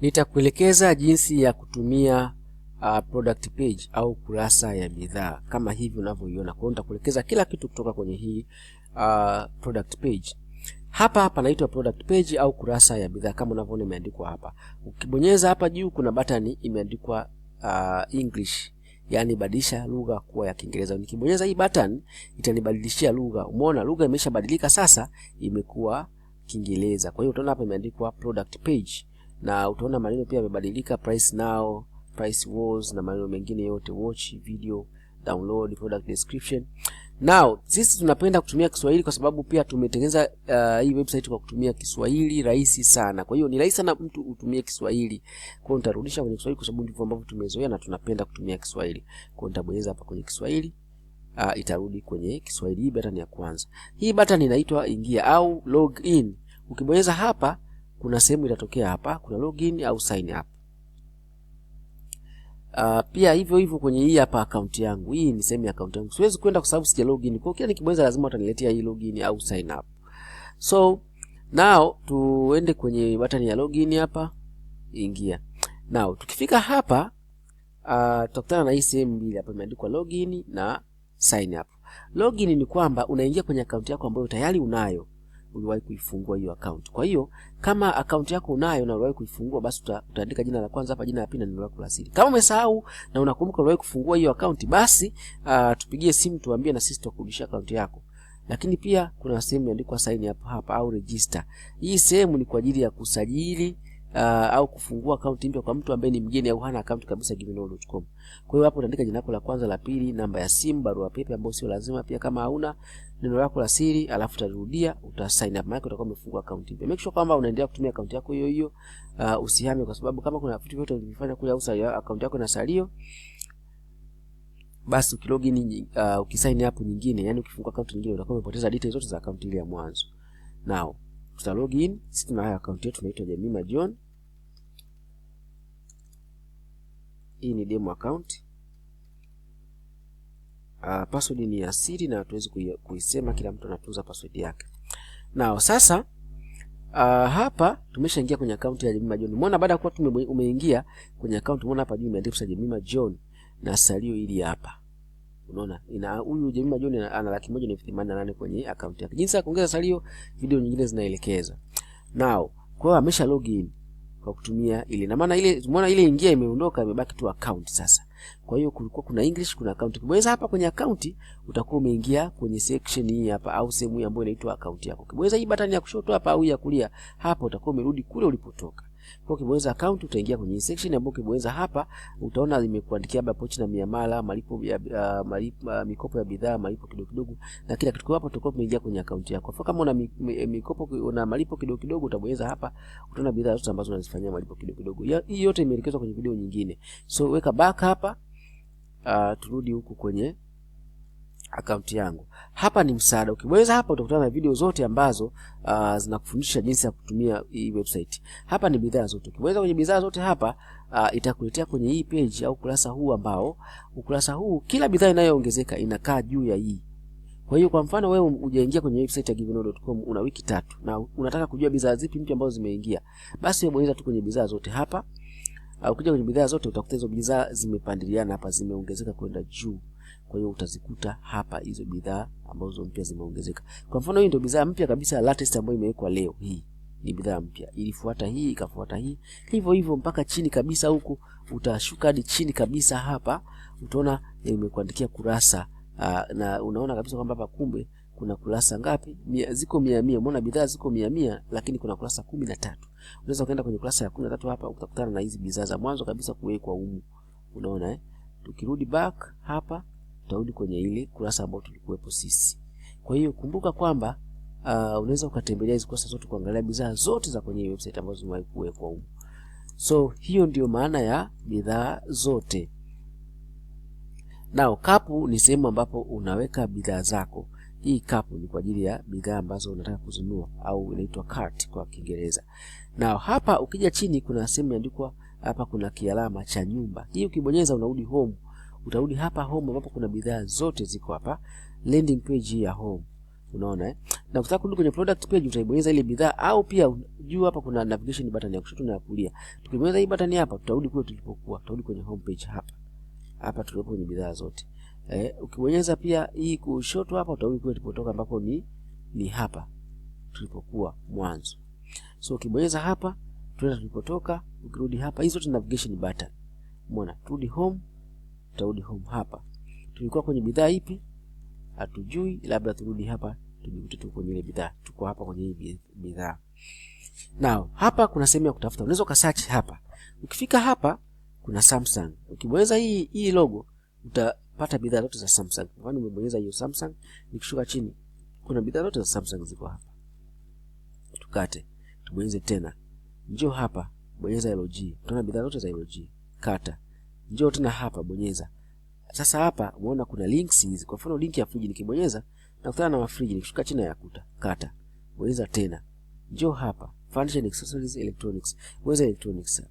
Nitakuelekeza jinsi ya kutumia uh, product page au kurasa ya bidhaa kama hivi unavyoiona. Kwa hiyo nitakuelekeza kila kitu kutoka kwenye hii uh, product page. Hapa hapa naitwa product page au kurasa ya bidhaa kama unavyoona imeandikwa hapa. Ukibonyeza hapa juu kuna button imeandikwa uh, English yani badilisha lugha kuwa ya Kiingereza. Nikibonyeza hii button itanibadilishia lugha. Umeona lugha imeshabadilika sasa, imekuwa Kiingereza. Kwa hiyo utaona hapa imeandikwa product page na utaona maneno pia yamebadilika, price now, price wars na maneno mengine yote, watch video, download, product description. Now sisi tunapenda kutumia Kiswahili kwa sababu pia tumetengeneza uh, hii website kwa kutumia Kiswahili rahisi sana. Kwa hiyo ni rahisi sana mtu utumie Kiswahili. Kwa hiyo nitarudisha kwenye Kiswahili kwa sababu ndivyo ambavyo tumezoea na tunapenda kutumia Kiswahili. Kwa hiyo nitabonyeza hapa kwenye Kiswahili. Uh, itarudi kwenye Kiswahili. Hii button ya kwanza. Hii button inaitwa ingia au log in. Ukibonyeza hapa kuna sehemu itatokea hapa, kuna login au sign up. Uh, pia hivyo hivyo kwenye hii hapa account yangu. Hii ni sehemu ya account yangu. Siwezi kwenda kwa sababu sija login. Kwa hiyo kila nikibonyeza lazima utaniletea hii login au sign up. So now tuende kwenye button ya login hapa, ingia. Now tukifika hapa uh, tutakutana na hii sehemu mbili hapa imeandikwa login na sign up. Login ni kwamba unaingia kwenye account yako ambayo tayari unayo uliwahi kuifungua hiyo account. Kwa hiyo kama account yako unayo na uliwahi kuifungua basi utaandika jina la kwanza hapa, jina la pili na neno lako la siri. Kama umesahau na unakumbuka uliwahi kufungua hiyo account basi uh, tupigie simu tuambie na sisi tukurudishia account yako. Lakini pia kuna sehemu imeandikwa sign up hapa au register. Hii sehemu ni kwa ajili ya kusajili uh, au kufungua akaunti mpya kwa mtu ambaye ni mgeni au hana akaunti kabisa gmail.com. Kwa hiyo hapo utaandika jina lako la kwanza, la pili, namba ya simu, barua pepe ambayo sio lazima pia kama hauna, neno lako la siri, alafu utarudia, uta sign up, maana utakuwa umefungua akaunti mpya. Make sure kwamba unaendelea kutumia akaunti yako hiyo hiyo, uh, usihame, kwa sababu kama kuna vitu vyote ulivifanya kule au akaunti yako inasalio basi ukilogin uh, ukisign up nyingine, yani ukifungua akaunti nyingine utakuwa umepoteza details zote za akaunti ile ya mwanzo. Now tuta login Sisi tuna haya account yetu inaitwa Jemima John. Hii ni demo account. Uh, password ni ya siri na hatuwezi kuisema, kila mtu anatunza password yake. Nao sasa uh, hapa tumeshaingia kwenye account ya Jemima John. Umeona baada ya kuwa tumeingia kwenye account, umeona hapa juu imeandikwa Jemima John na salio hili hapa Unaona, ina huyu Jemima John ana laki moja na elfu themanini na nane kwenye akaunti yake. Jinsi ya kuongeza salio, video nyingine zinaelekeza. Now, kwa hiyo amesha login kwa kutumia ile. Na maana ile umeona ile ingia imeondoka, imebaki tu account sasa. Kwa hiyo kulikuwa kuna English, kuna account. Kibweza hapa kwenye account utakuwa umeingia kwenye section hii hapa au sehemu hii ambayo inaitwa account yako. Kibweza hii button ya kushoto hapa au ya kulia, hapo utakuwa umerudi kule ulipotoka. Kwa ukibonyeza account utaingia kwenye section ambayo ukibonyeza hapa utaona imekuandikia hapa pochi na miamala, malipo ya uh, malipo, uh, mikopo ya bidhaa, malipo kidogo kidogo na kila kitu. hapo tutakuwa tumeingia kwenye account yako. Kwa kama una mikopo una malipo kidogo kidogo utabonyeza hapa utaona bidhaa zote ambazo unazifanyia malipo kidogo kidogo. Hii yote imeelekezwa kwenye video nyingine. So weka back hapa. Uh, turudi huku kwenye akaunti yangu. Hapa ni msaada. Ukibonyeza hapa utakutana na video zote ambazo uh, zinakufundisha jinsi ya kutumia hii website. Hapa ni bidhaa zote. Ukibonyeza kwenye bidhaa zote hapa uh, itakuletea kwenye hii page au ukurasa huu ambao ukurasa huu kila bidhaa inayoongezeka inakaa juu ya hii. Kwa hiyo kwa mfano wewe ujaingia kwenye website ya givenall.com una wiki tatu na unataka kujua bidhaa zipi mpya ambazo zimeingia. Basi wewe bonyeza tu kwenye bidhaa zote hapa. Ah, ukija kwenye bidhaa zote utakuta hizo bidhaa zimepandiliana hapa zimeongezeka kwenda juu. Kwa hiyo utazikuta hapa hizo bidhaa ambazo mpya zimeongezeka. Kwa mfano hii ndio bidhaa mpya kabisa latest ambayo imewekwa leo hii ni bidhaa mpya, ilifuata hii ikafuata hii, hivyo hivyo mpaka chini kabisa huku. Utashuka hadi chini kabisa hapa, utaona eh, imekuandikia kurasa uh, na unaona kabisa kwamba hapa kumbe kuna kurasa ngapi? Mia, ziko mia mia. Umeona bidhaa ziko mia mia, lakini kuna kurasa kumi na tatu. Unaweza ukaenda kwenye kurasa ya kumi na tatu hapa utakutana na hizi bidhaa za mwanzo kabisa kuwekwa humu, unaona eh? Tukirudi back hapa tutarudi kwenye ile kurasa ambayo tulikuwepo sisi. Kwa hiyo kumbuka kwamba uh, unaweza ukatembelea hizo kurasa zote kuangalia bidhaa zote za kwenye website ambazo zimewahi kuwekwa huko. So hiyo ndio maana ya bidhaa zote. Nao kapu ni sehemu ambapo unaweka bidhaa zako. Hii kapu ni kwa ajili ya bidhaa ambazo unataka kuzinunua au inaitwa cart kwa Kiingereza. Nao hapa ukija chini kuna sehemu imeandikwa hapa, kuna kialama cha nyumba. Hii ukibonyeza unarudi home utarudi hapa home ambapo kuna bidhaa zote ziko hapa landing page ya home. Unaona eh? Na ukitaka kurudi kwenye product page utaibonyeza ile bidhaa au pia juu hapa kuna navigation button ya kushoto na ya kulia. Tukibonyeza hii button hapa tutarudi kule tulipokuwa, tutarudi kwenye home page hapa. Hapa tulipo kwenye bidhaa zote. Eh, ukibonyeza pia hii kushoto hapa utarudi kule tulipotoka ambapo ni ni hapa tulipokuwa mwanzo. So ukibonyeza hapa tunaenda tulipotoka, ukirudi hapa hizo zote navigation button. Umeona? Turudi home tutarudi home hapa. Tulikuwa kwenye bidhaa ipi? Hatujui, labda turudi hapa tujikute tu kwenye ile bidhaa. Tuko hapa kwenye hii bidhaa. Now, hapa kuna sehemu ya kutafuta. Unaweza ka search hapa. Ukifika hapa kuna Samsung. Ukibonyeza hii hii logo utapata bidhaa zote za Samsung. Kwa nini umebonyeza hiyo Samsung? Nikishuka chini kuna bidhaa zote za Samsung ziko hapa. Tukate. Tubonyeze tena. Njoo hapa, bonyeza LG. Tuna bidhaa zote za LG. Kata njoo tena hapa, bonyeza. Sasa hapa umeona kuna links hizi. Kwa mfano link ya friji nikibonyeza nakutana na mafriji, nikishuka chini ya kuta kata, bonyeza tena, njoo hapa furniture accessories electronics, bonyeza electronics.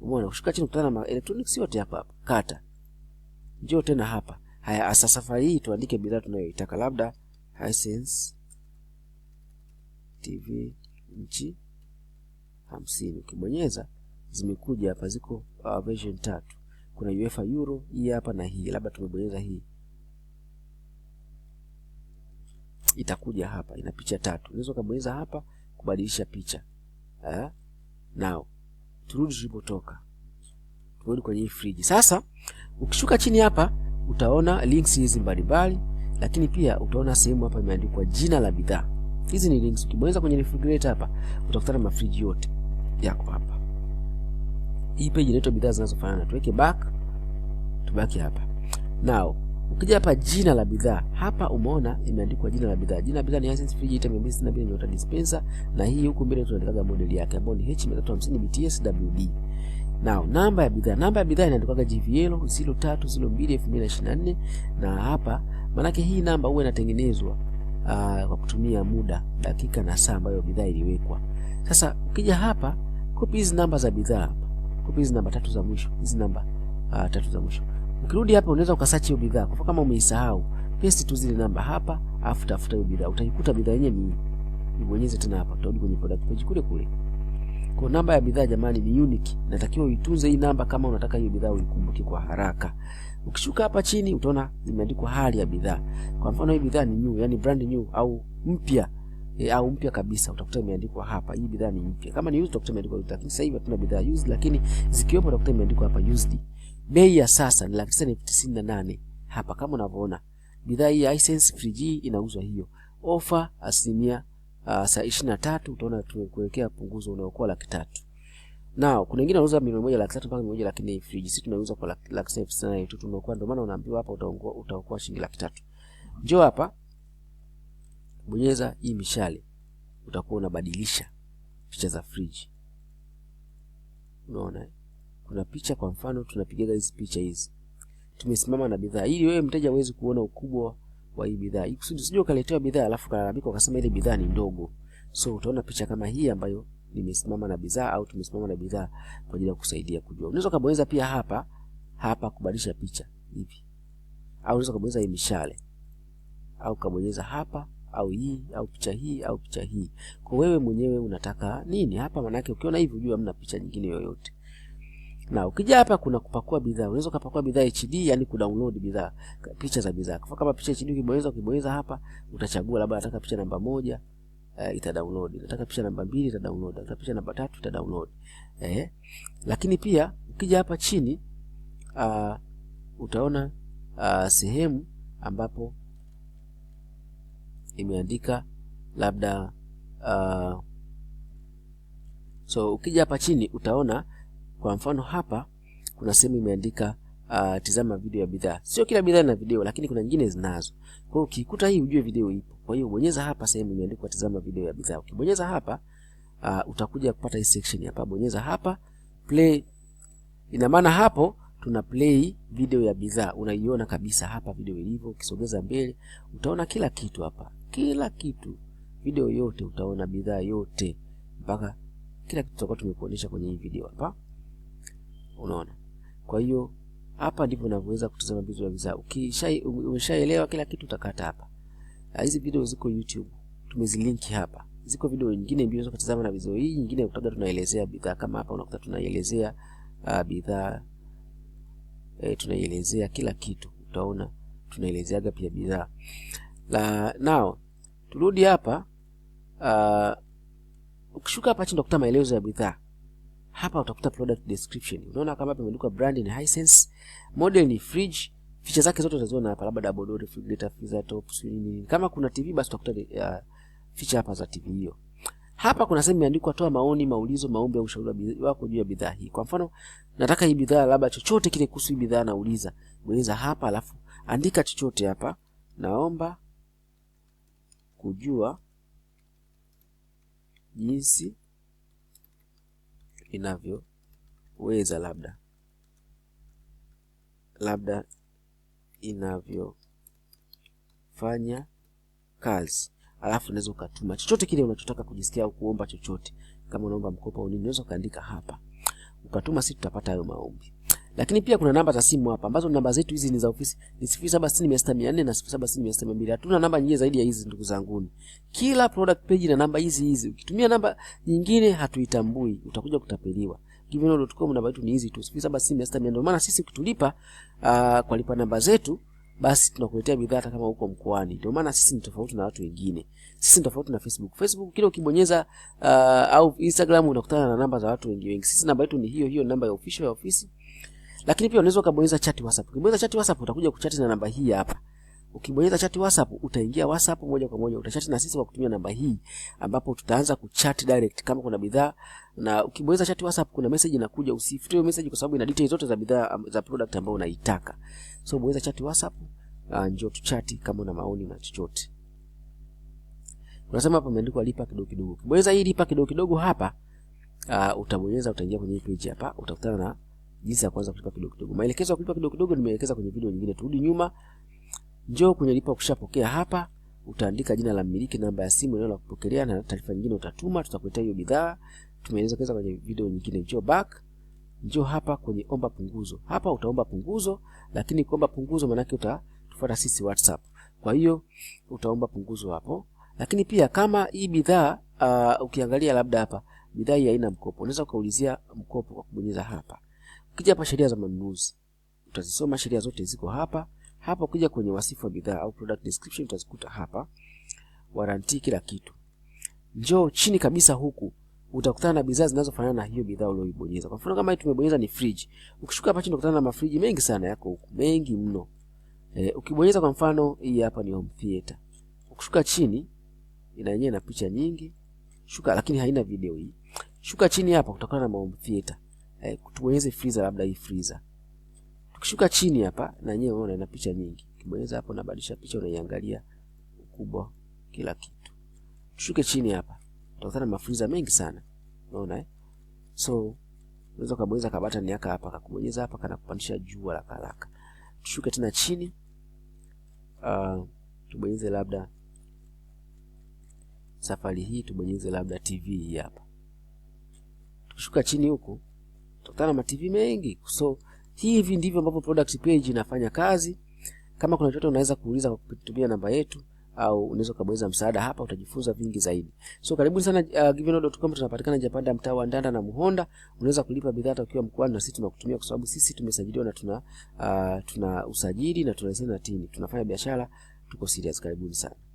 Umeona kushuka chini kutana na electronics yote hapa hapa, kata, njoo tena hapa. Haya, asa safari hii tuandike bidhaa tunayoitaka, labda Hisense TV nchi 50. Ukibonyeza zimekuja hapa, ziko uh, version tatu kuna UEFA Euro hii hapa na hii, labda tumebonyeza hii, itakuja hapa, ina picha tatu. Unaweza kubonyeza hapa kubadilisha picha eh. Nao turudi tulipotoka, turudi kwenye hii friji sasa. Ukishuka chini hapa utaona links hizi mbalimbali, lakini pia utaona sehemu hapa imeandikwa jina la bidhaa. Hizi ni links. Ukibonyeza kwenye refrigerator hapa utakutana na mafriji yote yako hapa hii page inaitwa bidhaa zinazofanana, tuweke back, tubaki hapa. Now ukija hapa jina la bidhaa hapa, umeona imeandikwa jina la bidhaa. Jina la bidhaa ni Hisense Fridge Item 262 Nyota Dispenser, na hii huku mbele tunaandikaga model yake ambayo ni H350 BTS WD. Now namba ya bidhaa, namba ya bidhaa inaandikwaga GVL 0302 2024, na hapa maanake hii namba huwa inatengenezwa Uh, kwa kutumia muda, dakika na saa ambayo bidhaa iliwekwa. Sasa ukija hapa copy hizi namba za bidhaa kwa hizi namba tatu za mwisho, hizi namba uh, tatu za mwisho. Ukirudi hapa unaweza ukasearch hiyo bidhaa. Kwa kama umeisahau, paste tu zile namba hapa, afu tafuta hiyo bidhaa. Utaikuta bidhaa yenyewe ni ibonyeze tena hapa, utarudi kwenye product page kule kule. Kwa namba ya bidhaa jamani, ni unique. Natakiwa uitunze hii namba kama unataka hiyo bidhaa uikumbuke kwa haraka. Ukishuka hapa chini utaona zimeandikwa hali ya bidhaa. Kwa mfano hii bidhaa ni new, yani brand new au mpya e, au mpya kabisa, utakuta imeandikwa hapa, hii bidhaa ni mpya. Kama ni used utakuta imeandikwa used, lakini sasa hivi hatuna bidhaa used, lakini zikiwepo utakuta imeandikwa hapa used. Bei ya sasa ni laki sita elfu tisini na nane hapa kama unavyoona, bidhaa hii Hisense friji inauzwa hiyo, ofa asilimia ah, saa ishirini na tatu. Utaona tumekuwekea punguzo unaokuwa laki tatu na kuna wengine wanauza milioni moja laki tatu mpaka milioni moja lakini friji sisi tunauza kwa laki sita elfu tisini na nane tu tunakuwa, ndio maana unaambiwa hapa utaokoa shilingi laki tatu. Njoo hapa bonyeza hii mishale, utakuwa unabadilisha picha za friji. Unaona kuna picha, kwa mfano tunapigaga hizi picha hizi, tumesimama na bidhaa, ili wewe mteja uweze kuona ukubwa wa hii bidhaa, ikusudi usije ukaletewa bidhaa alafu kalalamika ukasema ile bidhaa ni ndogo. So utaona picha kama hii ambayo nimesimama na bidhaa au tumesimama na bidhaa kwa ajili ya kusaidia kujua. Unaweza kubonyeza pia hapa hapa kubadilisha picha hivi, au unaweza kubonyeza hii mishale au kabonyeza hapa au hii au picha hii au picha hii. Kwa wewe mwenyewe unataka nini hapa? Manake ukiona hivi ujue hamna picha nyingine yoyote. Na ukija hapa kuna kupakua bidhaa. Unaweza kupakua bidhaa HD, yani kudownload bidhaa, picha za bidhaa. Kwa kama picha HD ukibonyeza ukibonyeza hapa utachagua labda nataka picha namba moja, uh, ita download. Nataka picha namba mbili ita download. Nataka picha namba tatu ita download. Eh. Lakini pia ukija hapa chini uh, utaona uh, sehemu ambapo imeandika labda uh, so ukija hapa chini utaona kwa mfano hapa kuna sehemu imeandika uh, tizama video ya bidhaa. Sio kila bidhaa ina video, lakini kuna nyingine zinazo. Kwa hiyo ukikuta hii ujue video ipo. Kwa hiyo bonyeza hapa sehemu imeandikwa tizama video ya bidhaa. Ukibonyeza hapa uh, utakuja kupata hii section hapa. Bonyeza hapa play. Ina maana hapo tuna play video ya bidhaa, unaiona kabisa hapa video ilivyo. Ukisogeza mbele utaona kila kitu hapa kila kitu, video yote utaona, bidhaa yote mpaka kila kitu tutakuwa tumekuonyesha kwenye hii video hapa, unaona. Kwa hiyo hapa ndipo unavyoweza kutazama video za bidhaa. Ukishaelewa kila kitu, utakata hapa. Ah, hizi video ziko YouTube, tumezilinki hapa. Ziko video nyingine mbili unaweza kutazama, na video hii nyingine utakuta tunaelezea bidhaa kama hapa, unakuta tunaielezea uh, bidhaa e, tunaielezea kila kitu, utaona tunaelezeaga pia bidhaa la nao Turudi hapa uh, ukishuka hapa chini utakuta maelezo ya bidhaa. Hapa utakuta product description. Unaona kama hapa imeandikwa brand ni Hisense, model ni fridge, feature zake zote utaziona hapa, labda double door refrigerator, freezer top, nini. Kama kuna TV basi utakuta uh, feature hapa za TV hiyo. Hapa kuna sehemu imeandikwa toa maoni, maulizo, maombi au ushauri wako juu ya bidhaa hii. Kwa mfano, nataka hii bidhaa labda chochote kile kuhusu bidhaa nauliza. Bonyeza hapa alafu andika chochote hapa. Naomba kujua jinsi inavyoweza labda labda inavyofanya kazi, alafu unaweza ukatuma chochote kile unachotaka kujisikia au kuomba chochote. Kama unaomba mkopo au nini, unaweza ukaandika hapa ukatuma, si tutapata hayo maombi. Lakini pia kuna namba za simu hapa ambazo namba zetu hizi ni za ofisi ni 07606004 na 07606002. Hatuna namba nyingine zaidi ya hizi ndugu zanguni. Kila product page na namba hizi hizi. Ukitumia namba nyingine hatuitambui, utakuja kutapeliwa. Givenall.com namba yetu ni hizi tu 07606004. Ndio maana sisi ukitulipa uh, ah, kwa lipa namba zetu basi tunakuletea bidhaa hata kama uko mkoani. Ndio maana sisi ni tofauti na watu wengine. Sisi ni tofauti na Facebook. Facebook kile ukibonyeza uh, au Instagram unakutana na namba za watu wengi wengi. Sisi namba yetu ni hiyo hiyo, namba ya official ya ofisi lakini pia unaweza ukabonyeza chat WhatsApp. Ukibonyeza chat WhatsApp utakuja kuchati na namba hii hapa. Ukibonyeza chat WhatsApp utaingia WhatsApp moja kwa moja utachat na sisi kwa kutumia namba hii ambapo tutaanza kuchat direct kama kuna bidhaa na ukibonyeza chat WhatsApp kuna message inakuja, usifute message kwa sababu ina details zote za bidhaa za product ambayo unaitaka. So bonyeza chat WhatsApp, uh, njoo tuchati kama una maoni na chochote. Unasema hapa imeandikwa lipa kidogo kidogo. Ukibonyeza hii lipa kidogo kidogo hapa, uh, utabonyeza utaingia kwenye page hapa utakutana na jinsi ya kuanza kulipa kidogo kidogo. Maelekezo ya kulipa kidogo kidogo nimeelekeza kwenye video nyingine, turudi nyuma, njoo kwenye lipa kushapokea. Hapa utaandika jina la mmiliki, namba ya simu, eneo la kupokelea na taarifa nyingine utatuma, tutakuletea hiyo bidhaa. Tumeelekeza kwenye video nyingine, njoo back njoo hapa kwenye omba punguzo. Hapa utaomba punguzo, lakini kuomba punguzo maana yake utatufuata sisi WhatsApp. Kwa hiyo utaomba punguzo hapo, lakini pia kama hii bidhaa uh, ukiangalia labda hapa bidhaa hii haina mkopo, unaweza ukaulizia mkopo kwa kubonyeza hapa. Ukija hapa sheria za manunuzi, utazisoma sheria zote ziko hapa hapa. Ukija kwenye wasifu wa bidhaa au product description, utazikuta hapa, waranti, kila kitu. Njoo chini kabisa huku utakutana na bidhaa zinazofanana na hiyo bidhaa uliyoibonyeza. Kwa mfano kama hii tumebonyeza ni fridge. Ukishuka hapa chini utakutana na mafriji mengi sana yako huku, mengi mno. E, ukibonyeza kwa mfano hii hapa ni home theater. Ukishuka chini ina yenyewe na picha nyingi. Shuka lakini haina video hii. Shuka chini hapa utakutana na home theater eh, tubonyeze freezer, labda hii freezer. Tukishuka chini hapa na yeye unaona ina picha nyingi. Kibonyeza hapo unabadilisha picha, unaiangalia ukubwa, kila kitu. Tushuke chini hapa, utakutana na mafreezer mengi sana, unaona eh? So unaweza kubonyeza button haka hapa, kakubonyeza hapa, kana kupandisha juu haraka haraka. Tushuke tena chini, uh, tubonyeze labda safari hii tubonyeze labda TV hii hapa. Tukishuka chini huku utakutana na TV mengi. So hivi ndivyo ambapo product page inafanya kazi. Kama kuna chochote unaweza kuuliza kwa kutumia namba yetu au unaweza kubonyeza msaada hapa, utajifunza vingi zaidi. So karibuni sana uh, givenall.com. Tunapatikana Japanda, mtaa wa Ndanda na Muhonda. Unaweza kulipa bidhaa hata ukiwa mkoani, na sisi tunakutumia kwa sababu sisi tumesajiliwa na tuna uh, tuna usajili na tuna leseni na tini, tunafanya biashara, tuko serious. Karibuni sana.